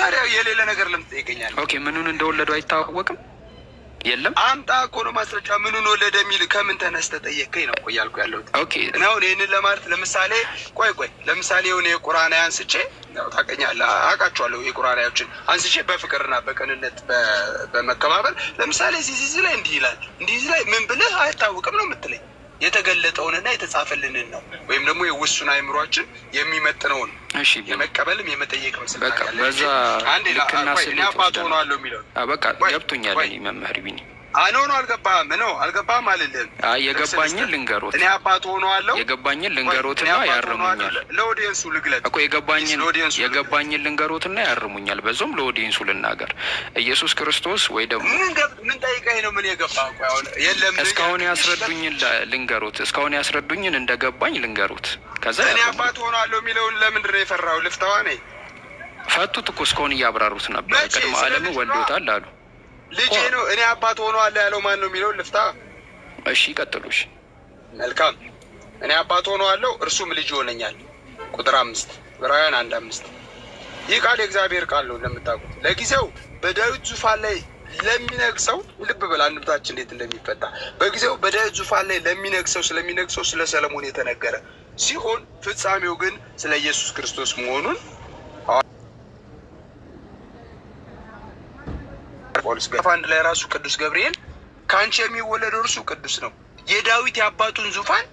ታዲያ የሌለ ነገር ለምን ትጠይቀኛለህ? ኦኬ ምኑን እንደወለዱ አይታወቅም። የለም አምጣ እኮ ነው ማስረጃ። ምኑን ወለደ የሚል ከምን ተነስተህ ጠየቀኝ ነው እኮ እያልኩ ያለሁት። ኦኬ ነው ይህንን ለማለት ለምሳሌ ቆይ ቆይ ለምሳሌ የሆነ የቁራና አንስቼ ያው ታውቀኛለህ፣ አውቃቸዋለሁ የቁራናዎችን አንስቼ በፍቅርና በቅንነት በመከባበር ለምሳሌ ዚዚ ላይ እንዲህ ይላል እንዲህ ላይ ምን ብልህ አይታወቅም ነው የምትለኝ። የተገለጠውንና የተጻፈልንን ነው ወይም ደግሞ የውሱን አይምሯችን የሚመጥነውን የመቀበልም የመጠየቅም ስልጣን ያለ በዛ ልክና በቃ ገብቶኛል መምህር ቢኒ አኖ ነው አልገባህም? ኖ አልገባህም አልልህም። የገባኝን ልንገሮት እኔ አባት ሆነዋለሁ። የገባኝን ልንገሮትና ያርሙኛል። ለኦዲየንሱ ልግለት እኮ የገባኝን የገባኝን ልንገሮትና ያርሙኛል። በዞም ለኦዲየንሱ ልናገር ኢየሱስ ክርስቶስ ወይ ደግሞ ምን ጠይቀኝ ነው ምን የገባ የለም። እስካሁን ያስረዱኝን ልንገሮት፣ እስካሁን ያስረዱኝን እንደገባኝ ልንገሩት። ከዛ እኔ አባት ሆነዋለሁ የሚለውን ለምንድን ነው የፈራው? ልፍተዋ ነ ፈቱት እኮ እስካሁን እያብራሩት ነበር። ቅድመ ዓለምን ወልዶታል አሉ ልጄ ነው። እኔ አባት ሆነዋለሁ ያለው ማን ነው የሚለውን ልፍታ። እሺ ቀጥሉሽ። መልካም እኔ አባት ሆነዋለሁ እርሱም ልጅ ይሆነኛል። ቁጥር አምስት ዕብራውያን አንድ አምስት ይህ ቃል የእግዚአብሔር ቃል ነው። እንደምታውቁት ለጊዜው በዳዊት ዙፋን ላይ ለሚነግሰው ልብ በል አንብታችን እንዴት እንደሚፈታ በጊዜው በዳዊት ዙፋን ላይ ለሚነግሰው ስለሚነግሰው ስለ ሰለሞን የተነገረ ሲሆን ፍጻሜው ግን ስለ ኢየሱስ ክርስቶስ መሆኑን ጳውሎስ ጋር አንድ ላይ ራሱ ቅዱስ ገብርኤል ከአንቺ የሚወለደው እርሱ ቅዱስ ነው፣ የዳዊት የአባቱን ዙፋን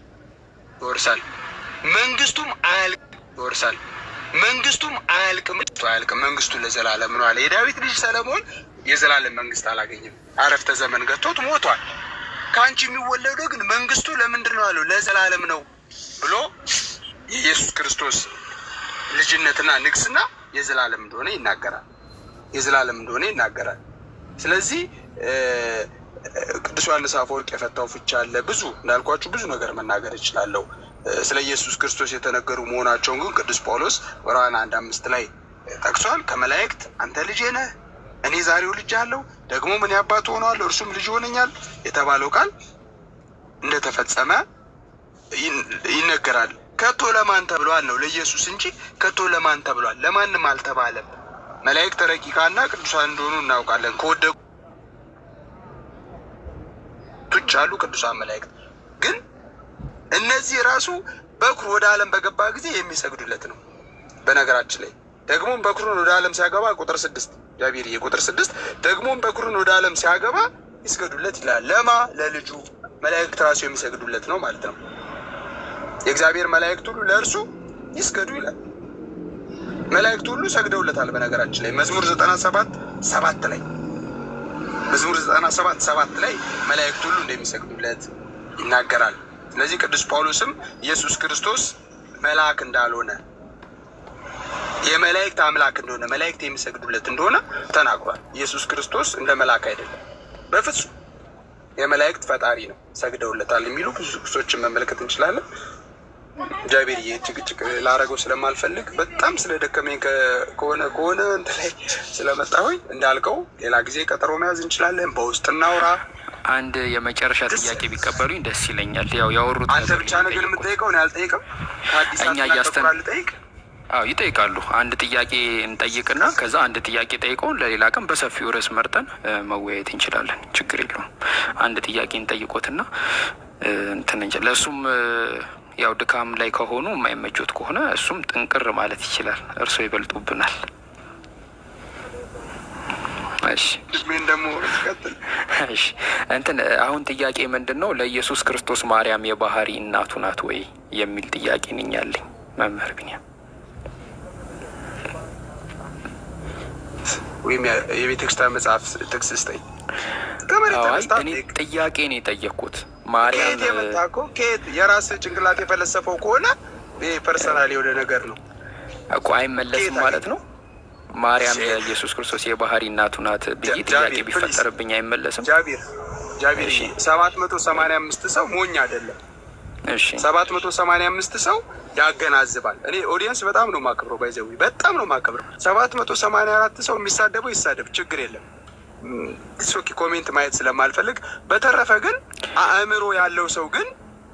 ይወርሳል፣ መንግስቱም አያልቅም። ይወርሳል፣ መንግስቱም አያልቅም አያልቅም። መንግስቱ ለዘላለም ነው አለ። የዳዊት ልጅ ሰለሞን የዘላለም መንግስት አላገኝም፣ አረፍተ ዘመን ገጥቶት ሞቷል። ከአንቺ የሚወለደው ግን መንግስቱ ለምንድን ነው አለው፣ ለዘላለም ነው ብሎ የኢየሱስ ክርስቶስ ልጅነትና ንግስና የዘላለም እንደሆነ ይናገራል። የዘላለም እንደሆነ ይናገራል። ስለዚህ ቅዱስ ዮሐንስ አፈወርቅ የፈታው ፍቻ አለ። ብዙ እንዳልኳችሁ ብዙ ነገር መናገር እችላለሁ። ስለ ኢየሱስ ክርስቶስ የተነገሩ መሆናቸውን ግን ቅዱስ ጳውሎስ ዕብራውያን አንድ አምስት ላይ ጠቅሷል። ከመላእክት አንተ ልጄ ነህ፣ እኔ ዛሬው ልጅ አለው ደግሞ ምን ያባት ሆነዋል፣ እርሱም ልጅ ይሆነኛል የተባለው ቃል እንደተፈጸመ ይነገራል። ከቶ ለማን ተብሏል ነው ለኢየሱስ እንጂ ከቶ ለማን ተብሏል? ለማንም አልተባለም። መላእክት ረቂቃና ቅዱሳን እንደሆኑ እናውቃለን። ከወደቁ አሉ ቅዱሳን መላእክት ግን እነዚህ ራሱ በኩር ወደ ዓለም በገባ ጊዜ የሚሰግዱለት ነው። በነገራችን ላይ ደግሞም በኩርን ወደ ዓለም ሲያገባ ቁጥር ስድስት ጃቢር ቁጥር ስድስት ደግሞም በኩርን ወደ ዓለም ሲያገባ ይስገዱለት ይላል። ለማ ለልጁ መላእክት ራሱ የሚሰግዱለት ነው ማለት ነው። የእግዚአብሔር መላእክት ሁሉ ለእርሱ ይስገዱ ይላል። መላእክቱ ሁሉ ሰግደውለታል። በነገራችን ላይ መዝሙር 97 ሰባት ላይ መዝሙር ዘጠና ሰባት ሰባት ላይ መላእክቱ ሁሉ እንደሚሰግዱለት ይናገራል። ስለዚህ ቅዱስ ጳውሎስም ኢየሱስ ክርስቶስ መልአክ እንዳልሆነ የመላእክት አምላክ እንደሆነ መላእክት የሚሰግዱለት እንደሆነ ተናግሯል። ኢየሱስ ክርስቶስ እንደ መልአክ አይደለም፣ በፍጹም የመላእክት ፈጣሪ ነው፣ ሰግደውለታል የሚሉ ብዙ ክሶችን መመልከት እንችላለን። እግዚአብሔር ጭቅጭቅ ላረገው ስለማልፈልግ በጣም ስለደከመኝ ከሆነ ከሆነ እንትን ላይ ስለመጣ ሆይ እንዳልከው ሌላ ጊዜ ቀጠሮ መያዝ እንችላለን። በውስጥ እናውራ። አንድ የመጨረሻ ጥያቄ ቢቀበሉኝ ደስ ይለኛል። ያው ያወሩት አንተ ብቻ ነገር የምጠይቀው እኔ አልጠይቅም። ከአዲስ እኛ እያስተን ልጠይቅ አዎ ይጠይቃሉ። አንድ ጥያቄ እንጠይቅና ከዛ አንድ ጥያቄ ጠይቀውን ለሌላ ቀን በሰፊው ርዕስ መርጠን መወያየት እንችላለን። ችግር የለውም። አንድ ጥያቄ እንጠይቆትና እንትን ለእሱም ያው ድካም ላይ ከሆኑ የማይመቾት ከሆነ እሱም ጥንቅር ማለት ይችላል። እርሶ ይበልጡብናል። እሺ እንትን አሁን ጥያቄ ምንድን ነው? ለኢየሱስ ክርስቶስ ማርያም የባህሪ እናቱ ናት ወይ የሚል ጥያቄ ነኝ ያለኝ መምህር ቢኒያም። ወይም የቤተክርስቲያን መጽሐፍ ጥቅስ ስጠኝ። ጥያቄ ነው የጠየቅኩት። ከየት የመጣ እኮ ከየት ጭንቅላት የፈለሰፈው ከሆነ ፐርሰናል የሆነ ነገር ነው እኮ አይመለስም ማለት ነው። ማርያም የኢየሱስ ክርስቶስ የባህሪ እናቱ ናት ብዬ ጥያቄ ቢፈጠርብኝ አይመለስም። ጃቢር ጃቢር ሰባት መቶ ሰማንያ አምስት ሰው ሞኝ አይደለም። ሰባት መቶ ሰማንያ አምስት ሰው ያገናዝባል። እኔ ኦዲየንስ በጣም ነው ማከብረው፣ ባይዘዊ በጣም ነው ማከብረው። ሰባት መቶ ሰማንያ አራት ሰው የሚሳደበው ይሳደብ፣ ችግር የለም ሶኪ ኮሜንት ማየት ስለማልፈልግ፣ በተረፈ ግን አእምሮ ያለው ሰው ግን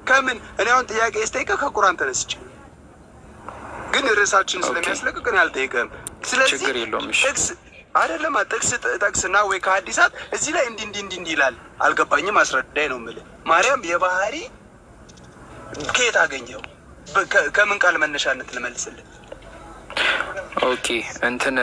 ከምን እኔ አሁን ጥያቄ ስጠይቀ ከቁራን ተነስቼ ግን ርዕሳችን ስለሚያስለቅቅ እኔ ስለዚህ ጥቅስ አይደለም ጥቅስ ጠቅስና ወይ ከአዲሳት እዚህ ላይ እንዲህ እንዲህ እንዲህ ይላል አልገባኝም፣ አስረዳኝ ነው የምልህ። ማርያም የባህሪ ከየት አገኘው? ከምን ቃል መነሻነት ልመልስልህ ኦኬ እንትን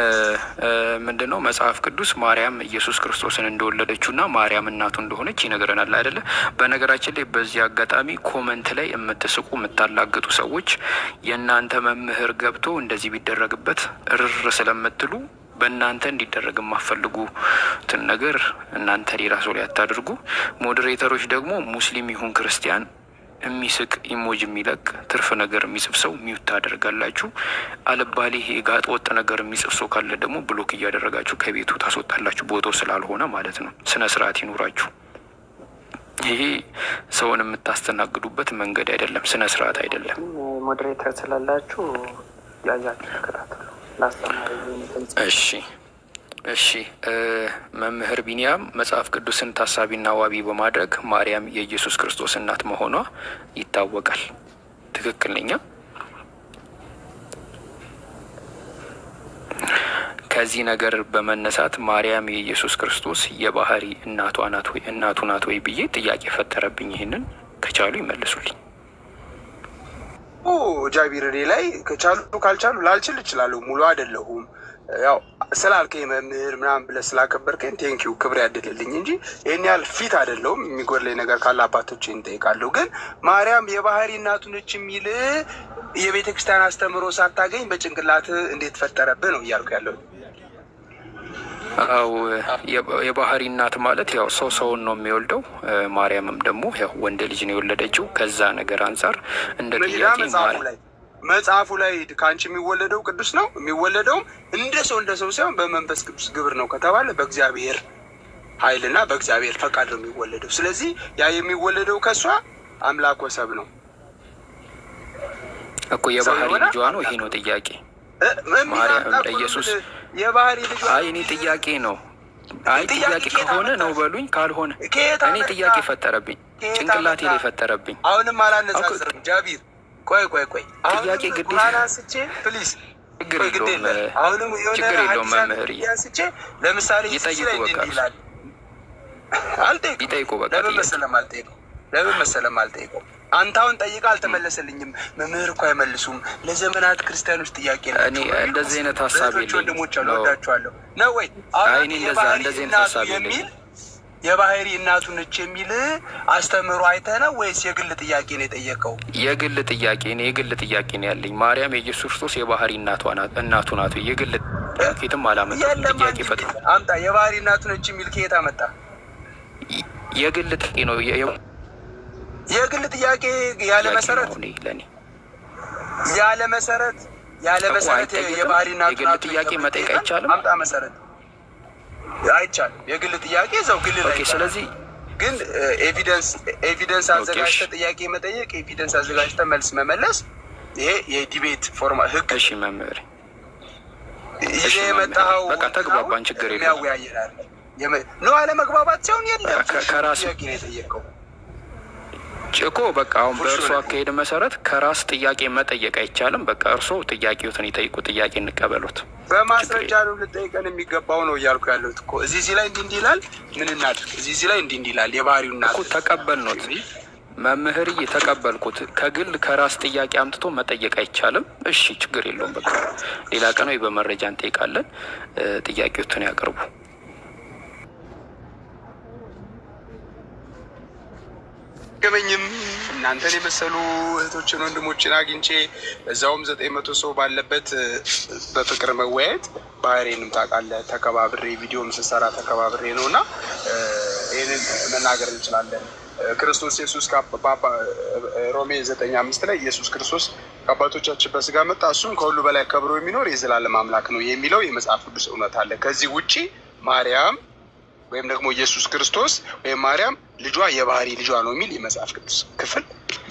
ምንድን ነው መጽሐፍ ቅዱስ ማርያም ኢየሱስ ክርስቶስን እንደወለደችው እና ማርያም እናቱ እንደሆነች ይነግረናል አይደለ? በነገራችን ላይ በዚህ አጋጣሚ ኮመንት ላይ የምትስቁ የምታላግጡ ሰዎች የእናንተ መምህር ገብቶ እንደዚህ ቢደረግበት እርር ስለምትሉ በእናንተ እንዲደረግ የማፈልጉትን ነገር እናንተ ሌላ ሰው ላይ አታድርጉ። ሞዴሬተሮች ደግሞ ሙስሊም ይሁን ክርስቲያን የሚስቅ ኢሞጅ የሚለቅ ትርፍ ነገር የሚጽፍ ሰው ሚውት ታደርጋላችሁ። አለባሌ ጋጥ ወጥ ነገር የሚጽፍ ሰው ካለ ደግሞ ብሎክ እያደረጋችሁ ከቤቱ ታስወጣላችሁ። ቦታው ስላልሆነ ማለት ነው። ስነ ስርዓት ይኑራችሁ። ይሄ ሰውን የምታስተናግዱበት መንገድ አይደለም፣ ስነ ስርዓት አይደለም። ሞዴሬተር ስላላችሁ ያያችሁ እሺ እሺ መምህር ቢንያም መጽሐፍ ቅዱስን ታሳቢና ዋቢ በማድረግ ማርያም የኢየሱስ ክርስቶስ እናት መሆኗ ይታወቃል። ትክክል ከዚህ ነገር በመነሳት ማርያም የኢየሱስ ክርስቶስ የባህሪ እናቱ ናት ወይ እናቱ ናት ወይ ብዬ ጥያቄ ፈጠረብኝ። ይህንን ከቻሉ ይመልሱልኝ። ጃቢር እኔ ላይ ከቻሉ ካልቻሉ ላልችል እችላለሁ፣ ሙሉ አይደለሁም። ያው ስላልከኝ መምህር ምናምን ብለህ ስላከበርከኝ ቴንኪዩ ክብር ያደልልኝ እንጂ ይህን ያህል ፊት አይደለውም። የሚጎድለኝ ነገር ካለ አባቶች እንጠይቃለሁ። ግን ማርያም የባህሪ እናቱ ነች የሚል የቤተ ክርስቲያን አስተምህሮ ሳታገኝ በጭንቅላት እንዴት ፈጠረብህ ነው እያልኩ ያለው። አው የባህሪ እናት ማለት ያው ሰው ሰውን ነው የሚወልደው። ማርያምም ደግሞ ያው ወንድ ልጅ ነው የወለደችው። ከዛ ነገር አንጻር እንደ ጥያቄ መጽሐፉ ላይ ከአንቺ የሚወለደው ቅዱስ ነው። የሚወለደውም እንደ ሰው እንደ ሰው ሳይሆን በመንፈስ ቅዱስ ግብር ነው ከተባለ በእግዚአብሔር ኃይልና በእግዚአብሔር ፈቃድ ነው የሚወለደው። ስለዚህ ያ የሚወለደው ከእሷ አምላክ ወሰብ ነው እኮ የባህሪ ልጇ ነው። ይሄ ነው ጥያቄ ኢየሱስ የባህሪ ልጇ። አይ እኔ ጥያቄ ነው። አይ ጥያቄ ከሆነ ነው በሉኝ፣ ካልሆነ እኔ ጥያቄ ፈጠረብኝ፣ ጭንቅላቴ ላይ ፈጠረብኝ። አሁንም አላነጻጽርም ጃቢር ቆይ ቆይ ቆይ አሁንም ቁርአን አንስቼ ፕሊዝ ችግር የለውም አሁንም ችግር የለውም። መምህር አንስቼ ለምሳሌ ይጠይቁ በቃ አልጠይቁ ይጠይቁ በቃ ለምን መሰለም አልጠይቁ ለምን መሰለም አልጠይቁ አንተ አሁን ጠይቃ አልተመለሰልኝም። መምህር እኮ አይመልሱም። ለዘመናት ክርስቲያኖች ጥያቄ ነው። እኔ እንደዚህ አይነት ሀሳብ ወንድሞች አሉ አልወዳቸዋለሁ ነው ወይ አሁን እንደዚህ አይነት ሀሳብ የሚል የባህሪ እናቱን እች የሚል አስተምሮ አይተህ ነው ወይስ የግል ጥያቄ ነው የጠየቀው? የግል ጥያቄ ነው፣ የግል ጥያቄ ነው ያለኝ። ማርያም የኢየሱስ ክርስቶስ የባህሪ እናቱ ናት። የግል ኬትም አላመጣ ጥያቄ ፈጥ አምጣ። የባህሪ እናቱን እች የሚል ከየት አመጣ? የግል ጥያቄ ነው፣ የግል ጥያቄ ያለ መሰረት፣ ያለ መሰረት፣ ያለ መሰረት የባህሪ እናቱ ናት። የግል ጥያቄ መጠየቅ አይቻልም። አምጣ መሰረት አይቻልም። የግል ጥያቄ እዛው ግል ላይ ስለዚህ ግን ኤቪደንስ ኤቪደንስ አዘጋጅተ ጥያቄ መጠየቅ፣ ኤቪደንስ አዘጋጅተ መልስ መመለስ ይሄ የዲቤት ፎርማ ህግ። እሺ መምህር ይሄ የመጣኸው በቃ ተግባባን፣ ችግር የለም። ያወያየናል ነው አለመግባባት ሲሆን የለም ከራስ ጥያቄ ነው የጠየቀው እኮ በቃ አሁን በእርሶ አካሄድ መሰረት ከራስ ጥያቄ መጠየቅ አይቻልም። በቃ እርሶ ጥያቄዎትን ይጠይቁ፣ ጥያቄ እንቀበሉት። በማስረጃ ነው ልጠይቀን የሚገባው ነው እያልኩ ያለሁት እኮ እዚህ እዚህ ላይ እንዲህ እንዲህ ይላል፣ ምን እናድርግ? እዚህ እዚህ ላይ እንዲህ እንዲህ ይላል። የባህሪውና ተቀበልነው መምህር የተቀበልኩት ከግል ከራስ ጥያቄ አምጥቶ መጠየቅ አይቻልም። እሺ ችግር የለውም። በቃ ሌላ ቀን ወይ በመረጃ እንጠይቃለን። ጥያቄዎትን ያቅርቡ። ገመኝም እናንተን የመሰሉ እህቶችን ወንድሞችን አግኝቼ በዛውም ዘጠኝ መቶ ሰው ባለበት በፍቅር መወያየት ባህሬንም ታውቃለህ ተከባብሬ ቪዲዮም ስሰራ ተከባብሬ ነው እና ይህንን መናገር እንችላለን። ክርስቶስ ኢየሱስ ሮሜ ዘጠኝ አምስት ላይ ኢየሱስ ክርስቶስ ከአባቶቻችን በስጋ መጣ፣ እሱም ከሁሉ በላይ ከብሮ የሚኖር የዘላለም አምላክ ነው የሚለው የመጽሐፍ ቅዱስ እውነት አለ። ከዚህ ውጪ ማርያም ወይም ደግሞ ኢየሱስ ክርስቶስ ወይም ማርያም ልጇ የባህሪ ልጇ ነው የሚል የመጽሐፍ ቅዱስ ክፍል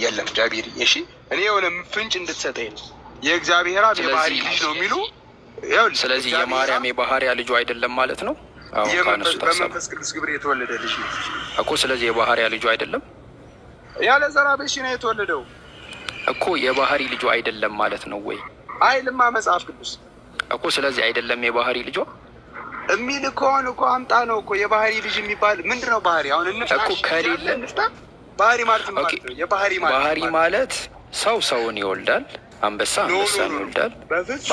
የለም። ጃቢር እሺ፣ እኔ የሆነ ፍንጭ እንድትሰጠኝ ነው። የእግዚአብሔር አብ የባህሪ ልጅ ነው የሚሉ ስለዚህ የማርያም የባህሪያ ልጇ አይደለም ማለት ነው። በመንፈስ ቅዱስ ግብር የተወለደ ልጅ ነው እኮ። ስለዚህ የባህሪያ ልጇ አይደለም ያለ ዘራ ብሽ ነው የተወለደው እኮ የባህሪ ልጇ አይደለም ማለት ነው ወይ አይልማ መጽሐፍ ቅዱስ እኮ። ስለዚህ አይደለም የባህሪ ልጇ የሚል ከሆን እኮ አምጣ ነው እኮ የባህሪ ልጅ የሚባል ምንድን ነው? ባህሪ አሁን እኮ ከሌለ ባህሪ ማለት ነው። የባህሪ ማለት ባህሪ ማለት ሰው ሰውን ይወልዳል፣ አንበሳ አንበሳን ይወልዳል።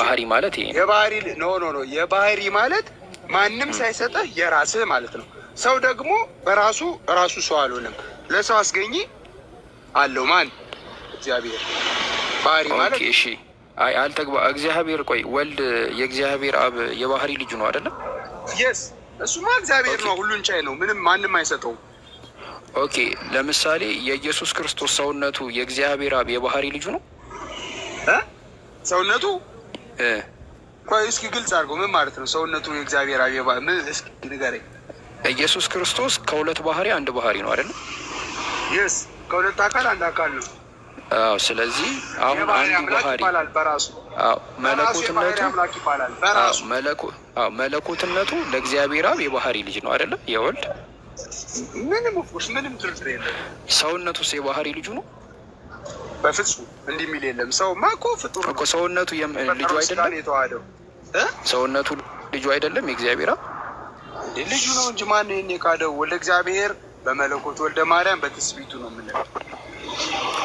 ባህሪ ማለት ይሄ የባህሪ ኖ ኖ ኖ የባህሪ ማለት ማንም ሳይሰጠህ የራስህ ማለት ነው። ሰው ደግሞ በራሱ ራሱ ሰው አልሆነም። ለሰው አስገኝ አለው ማን እግዚአብሔር። ባህሪ ማለት እሺ፣ አይ አልተግባ እግዚአብሔር። ቆይ ወልድ የእግዚአብሔር አብ የባህሪ ልጁ ነው አይደለም? የስ እሱማ እግዚአብሔር ነው፣ ሁሉን ቻይ ነው። ምንም ማንም አይሰጠውም። ኦኬ ለምሳሌ የኢየሱስ ክርስቶስ ሰውነቱ የእግዚአብሔር አብ የባህሪ ልጁ ነው ሰውነቱ። ቆይ እስኪ ግልጽ አድርገው ምን ማለት ነው ሰውነቱ የእግዚአብሔር አብ የባህሪ ምን? እስኪ ንገረኝ። ኢየሱስ ክርስቶስ ከሁለት ባህሪ አንድ ባህሪ ነው አይደለም? የስ ከሁለት አካል አንድ አካል ነው። አዎ ስለዚህ አሁን አንዱ ባህሪ መለኮትነቱ ለእግዚአብሔር አብ የባህሪ ልጅ ነው አይደለም? የወልድ ምንም ፍርስ ምንም ድርድር የለም። ሰውነቱስ የባህሪ ልጁ ነው? በፍጹም እንዲህ የሚል የለም። ሰው ማኮ ፍጡር እኮ ሰውነቱ ልጁ አይደለም። ሰውነቱ ልጁ አይደለም። የእግዚአብሔር አብ ልጁ ነው እንጂ ማን ይሄን የካደው? ወልደ እግዚአብሔር በመለኮት ወልደ ማርያም በትስቢቱ ነው የምንለው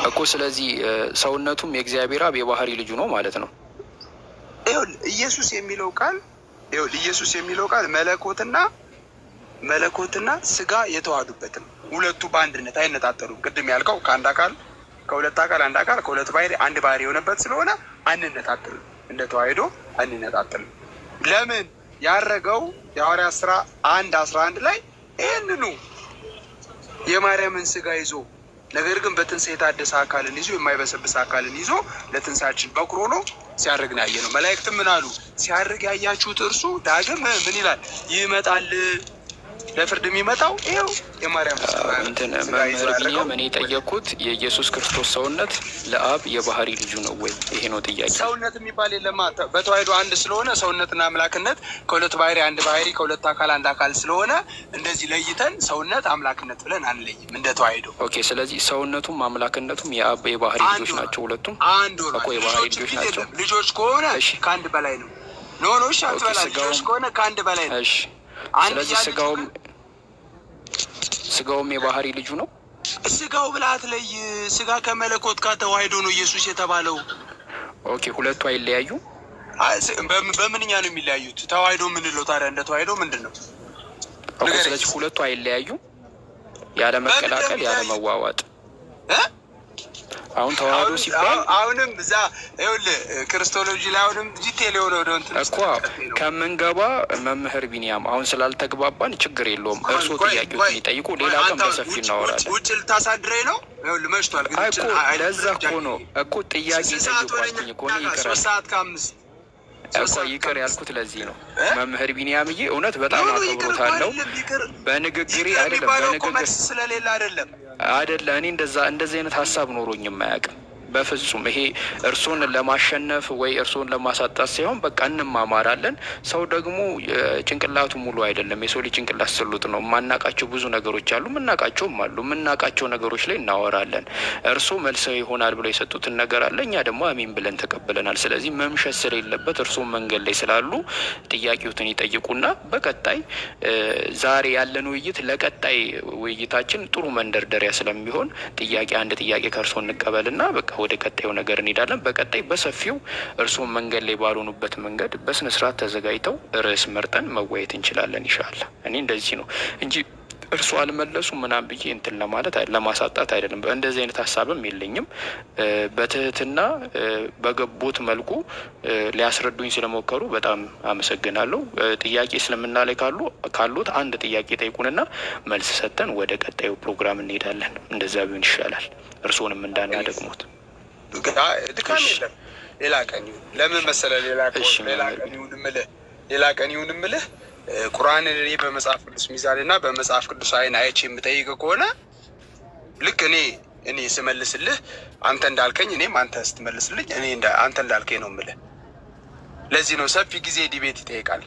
እኮ ስለዚህ ሰውነቱም የእግዚአብሔር አብ የባህሪ ልጁ ነው ማለት ነው። ይሁን ኢየሱስ የሚለው ቃል ይሁን ኢየሱስ የሚለው ቃል መለኮትና መለኮትና ስጋ ነው። ሁለቱ በአንድነት አይነጣጠሉም። ቅድም ያልከው ከአንድ አካል ከሁለት አካል አንድ አካል ከሁለት ባህሪ አንድ ባህሪ የሆነበት ስለሆነ አንነጣጥልም፣ እንደ ተዋህዶ አንነጣጥልም። ለምን ያረገው የሐዋርያት ስራ አንድ አስራ አንድ ላይ ይህንኑ የማርያምን ስጋ ይዞ ነገር ግን በትንሣኤ የታደሰ አካልን ይዞ የማይበሰብስ አካልን ይዞ ለትንሣኤያችን በኩር ሆኖ ሲያደርግ ነው ነው። መላእክትም ምን አሉ? ሲያርግ ያያችሁት እርሱ ዳግም ምን ይላል? ይመጣል ለፍርድ የሚመጣው ይኸው የማርያም እንትን መምህር ቢኒያም እኔ የጠየቅኩት የኢየሱስ ክርስቶስ ሰውነት ለአብ የባህሪ ልጁ ነው ወይ? ይሄ ነው ጥያቄ። ሰውነት የሚባል የለማ በተዋሕዶ አንድ ስለሆነ ሰውነትና አምላክነት ከሁለት ባህሪ አንድ ባህሪ ከሁለት አካል አንድ አካል ስለሆነ እንደዚህ ለይተን ሰውነት አምላክነት ብለን አንለይም እንደ ተዋሕዶ። ኦኬ። ስለዚህ ሰውነቱም አምላክነቱም የአብ የባህሪ ልጆች ናቸው። ሁለቱም አንዱ ነው። የባህሪ ልጆች ናቸው። ልጆች ከሆነ ከአንድ በላይ ነው። ኖኖሽ አትበላ። ልጆች ከሆነ ከአንድ በላይ ነው። ስለዚህ ስጋውም ስጋውም የባህሪ ልጁ ነው። ስጋው ብለህ አትለይ። ስጋ ከመለኮት ጋር ተዋህዶ ነው ኢየሱስ የተባለው። ኦኬ፣ ሁለቱ አይለያዩ። በምንኛ ነው የሚለያዩት? ተዋህዶ ምንለው ታዲያ? እንደ ተዋህዶ ምንድን ነው? ስለዚህ ሁለቱ አይለያዩ፣ ያለ መቀላቀል፣ ያለ መዋዋጥ አሁን ተዋህዶ ሲባል አሁንም እዛ ይኸውልህ ክርስቶሎጂ ላይ አሁንም ዲቴል የሆነ ወደ እንትን እኮ ከምንገባ መምህር ቢኒያም አሁን ስላልተግባባን ችግር የለውም። እርሶ ጥያቄዎችን የሚጠይቁ ሌላ ቀን በሰፊ እናወራለን። ውጭ ልታሳድረኝ ነው። ይኸውልህ መሽቷል። ግን ለዛ እኮ ነው እኮ ጥያቄ ጠይቋልኝ እኮ ሶስት ሰዓት ከአምስት እኮ ይቅር ያልኩት ለዚህ ነው። መምህር ቢኒያምዬ እውነት በጣም አክብሮታለሁ። በንግግሬ አይደለም በንግግር ስለሌለ አይደለም አይደለ እኔ እንደዛ እንደዚህ አይነት ሀሳብ ኖሮኝም አያውቅም። በፍጹም ይሄ እርሱን ለማሸነፍ ወይ እርሱን ለማሳጣት ሳይሆን በቃ እንማማራለን። ሰው ደግሞ ጭንቅላቱ ሙሉ አይደለም። የሰው ልጅ ጭንቅላት ስሉጥ ነው። የማናቃቸው ብዙ ነገሮች አሉ፣ የምናቃቸውም አሉ። የምናቃቸው ነገሮች ላይ እናወራለን። እርሱ መልሰ ይሆናል ብለው የሰጡትን ነገር አለ፣ እኛ ደግሞ አሚን ብለን ተቀብለናል። ስለዚህ መምሸት ስለሌለበት እርሱ መንገድ ላይ ስላሉ ጥያቄዎትን ይጠይቁና በቀጣይ ዛሬ ያለን ውይይት ለቀጣይ ውይይታችን ጥሩ መንደርደሪያ ስለሚሆን ጥያቄ አንድ ጥያቄ ከእርሶ እንቀበልና በቃ ወደ ቀጣዩ ነገር እንሄዳለን። በቀጣይ በሰፊው እርስዎ መንገድ ላይ ባልሆኑበት መንገድ በስነስርዓት ተዘጋጅተው ርዕስ መርጠን መወያየት እንችላለን። ይሻል እኔ እንደዚህ ነው እንጂ እርሱ አልመለሱ ምናም ብዬ እንትን ለማለት ለማሳጣት አይደለም። እንደዚህ አይነት ሀሳብም የለኝም። በትህትና በገቦት መልኩ ሊያስረዱኝ ስለሞከሩ በጣም አመሰግናለሁ። ጥያቄ እስልምና ላይ ካሉ ካሉት አንድ ጥያቄ ጠይቁንና መልስ ሰጥተን ወደ ቀጣዩ ፕሮግራም እንሄዳለን። እንደዚያ ቢሆን ይሻላል። እርስዎንም እንዳናደግሞት ድካም የለም። ሌላ ቀን ይሁን ለምን ሌላ ቀን ይሁን እምልህ ሌላ ቀን ይሁን እምልህ ቁርአንን እኔ በመጽሐፍ ቅዱስ ሚዛን እና በመጽሐፍ ቅዱስ አይን አይቼ የምጠይቅ ከሆነ ልክ እኔ እኔ ስመልስልህ አንተ እንዳልከኝ እኔም አንተ ስትመልስልኝ እኔ አንተ እንዳልከኝ ነው እምልህ። ለዚህ ነው ሰፊ ጊዜ ዲቤት ይጠይቃል።